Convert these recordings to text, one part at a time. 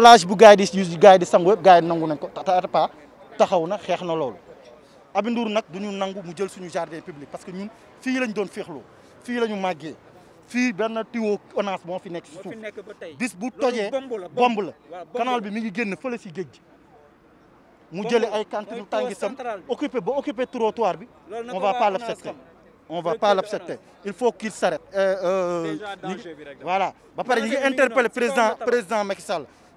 plage bu gars yi di use gaay di sangu yëpp gars yi nangu nañ ko Atépa taxaw na xeex na loolu Aby Ndour nag du mu jël suñu jardin public parce que ñun fi lañ doon féexloo fi lañu maggé fi ben tiwo onance ONAS fi nekk si suuf dis bu tojee bomb la canal bi mi ngi génn fele ci geej mu jël ay cantine tàngi sam occupé ba occupé trottoir bi on va pas l'accepter on va pas l'accepter il faut qu'il s'arrête euh, euh, voilà ba pare ñu ngi interpellé président président Macky Sall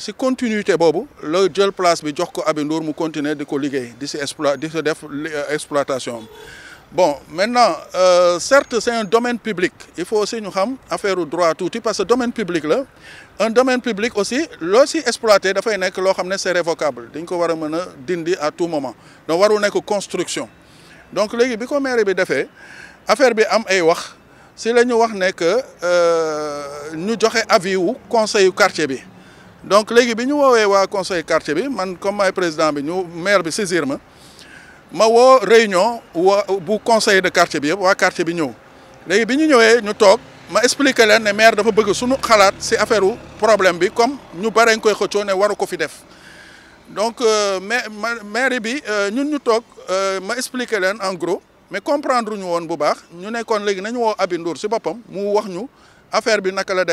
si continuité boobu la jël place bi jox ko abi Ndour mu continuer di ko liggéey di si euh, exploitation bon maintenant euh, certes c'est un domaine public il faut aussi ñu xam affaire droit tuuti parce que domaine public la un domaine public aussi loo aussi exploité dafay nekk loo xam ne c'est révocable dañ ko war a mën a dindi à tout moment donc warul nekk construction donc léegi bi ko maire bi defee affaire bi am ay wax si la ñu wax ne que euh, ñu joxe avis wu conseil quartier bi donc les qui est le conseil quartier bi comme le président bi maire saisir ma réunion au conseil de quartier bi ou quartier bi de léegi bi ñu ñu le ma expliqué maire dafa bëgg suñu xalaat affaire problème comme nous ne le donc euh, maire bi euh, nous euh, expliqué en gros mais comprendre ñu woon bu baax ñu nous mu wax ñu affaire bi naka la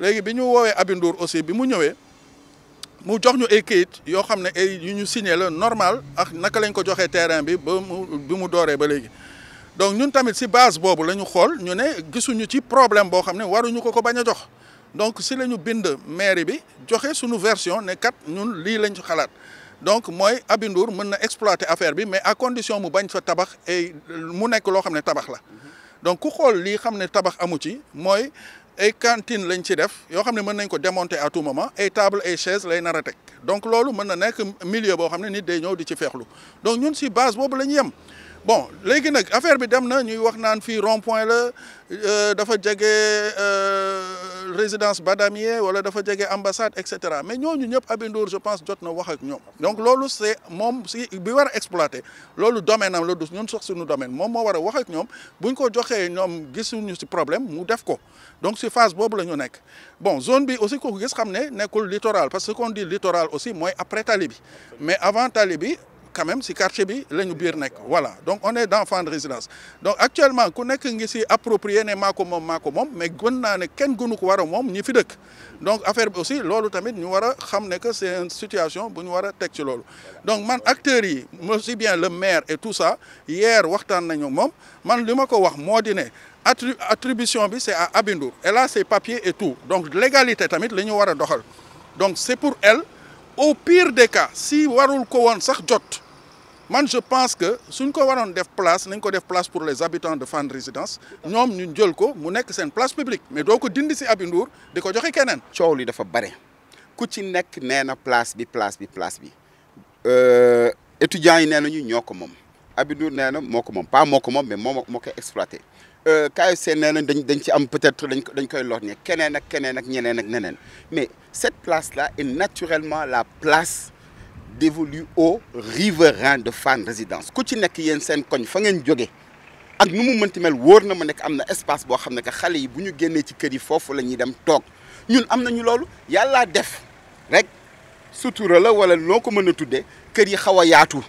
légui biñu wowe abindour aussi bi mu ñëwee mu jox ñu ay kayit yoo xam ne ay yu ñu signé la normal ak naka lañ ko joxé terrain bi ba mu bi mu doré ba légui donc ñun tamit ci base bobu lañu xol xool ñu ne gisuñu ci problème bo xamné waru ñu ko ko baña jox donc si lañu ñu bind mairie bi joxé suñu version né kat ñun li lañ xalat donc moy abindour Ndour exploiter affaire bi mais à condition mu bañ fa tabax et mu nekk lo xamné tabax la mhm. donc ku xol li xamné tabax amu ci moy ay cantine lañ ci def yoo xam ne mën nañ ko démonter à tout moment ay table ay chaise lay nar a teg donc loolu mën na nekk milieu boo xam ne nit day ñëw di ci feexlu donc ñun si base boobu lañ yem bon léegi nag affaire bi dem na ñuy wax naan fii rond point la euh, dafa jege. Euh, résidence Badamier wala dafa jege ambassade etc. mais ñooñu ñëpp Aby je pense jot na wax ak ñom donc lolu c'est mom si bi wara exploiter lolu domaine am la dus ñun sax suñu domaine mom mo wara wax ak ñom buñ ko joxee ñoom gisuñu ci problème mu def ko donc ci phase bobu la ñu nekk bon zone bi aussi ko gis xam ne littoral parce que qu'on dit littoral aussi moy après talibi mais avant talibi quand même si quartier bi lañu biir nek voilà donc on est dans de Résidence donc actuellement ku nek ngi si approprié né mako mom mako mom mais gën naa ne kenn gënu ko wara mom ñi fi dëkk donc affaire bi aussi lolu tamit ñu wara a xam que c'est une situation bu ñu war ci lolu donc man acteur yi aussi bien le maire et tout ça hier waxtaan nañu moom man li ko wax modi né attribution bi c'est à Abindour et là c'est papier et tout donc légalité tamit lañu wara doxal donc c'est pour elle au pire des cas si warul ko won sax jot je pense que si ko avons def place place pour les habitants de de Résidence ñoom ñu jël ko place publique mais doo ko dindi ci joxe li dafa ku ci les place bi place bi place euh, étudiants sont pas moi, mais qui exploité. Euh, c'est peut-être mais cette place là est naturellement la place dévolu aux riverains de fan Résidence ku ci nek yeen sen koñ fa ngeen jóge ak numu meunti mel worna ma nek amna espace bo xam ka xalé yi buñu ñu ci kër yi foofu lañuy dem tok ñun am nañu loolu yalla def rek sutura la wala noko mëna tuddé kër yi xawa a yaatu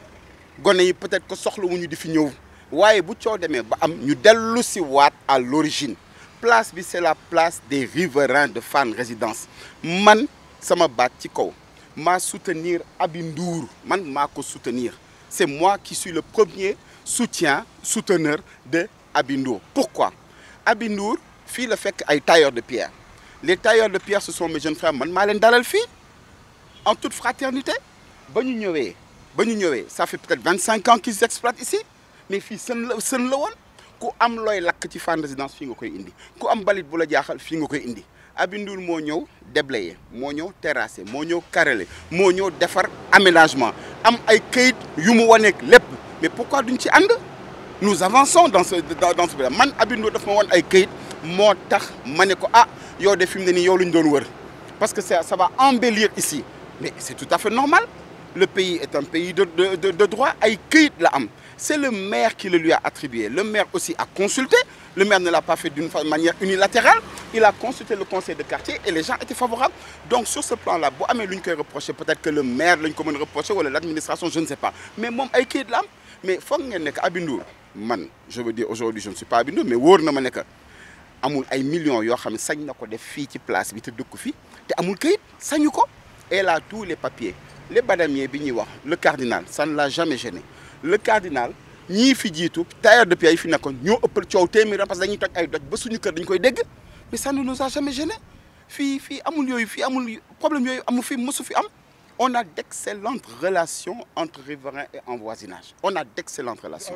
gone yi peut-être que wuñu di fi ñew waye bu coo démé ba am ñu dellu ci waat à l'origine place bi c'est la place des riverains de fan Résidence man sama baat ci kaw m'a soutenir Abindour. Man m'a soutenir. C'est moi qui suis le premier soutien, souteneur de Abindour. Pourquoi Abindour, fille le fait qu'il tailleur de pierre. Les tailleurs de pierre, ce sont mes jeunes frères. Man m'a dalal En toute fraternité. bonne ignoré. Ça fait peut-être 25 ans qu'ils exploitent ici. Mais filles, c'est le one. Ku am loy lak ci fan résidence fi nga koy indi. Ku am balit fi Aby Ndour moo ñëw déblayer mo ñëw terrasser mo ñëw carreler mo defar aménagement am ay keuyit yu mu lépp mais pourquoi duñ ci and nous avançons dans ce dans ce man abindou Ndour daf ma wan ay keuyit moo tax ah yo de fi ni yo luñ doon wër parce que ça ça va embellir ici mais c'est tout à fait normal le pays est un pays de de de droit ay keuyit la am c'est le maire qui le lui a attribué. Le maire aussi a consulté. Le maire ne l'a pas fait d'une manière unilatérale. Il a consulté le conseil de quartier et les gens étaient favorables. Donc sur ce plan-là, bon, mais l'une qui reproché, peut-être que le maire, l'une commune reproché ou l'administration, je ne sais pas. Mais mon qui est là, mais faut que Abindour, man, je veux dire aujourd'hui, je ne suis pas Abindou, mais wóor na ma ne amul ay millions yo, xam qui sañ na des def fii ci place bi de dëkku fi te amul kayit sañu ko. elle a tous les papiers les badamiers le cardinal ça ne l'a jamais gêné le cardinal ni fi jitu de pierre fi parce que dañuy toj ay doj mais ça ne nous a jamais gêné fii amul problème on a d'excellentes relations entre riverains et en voisinage on a d'excellentes relations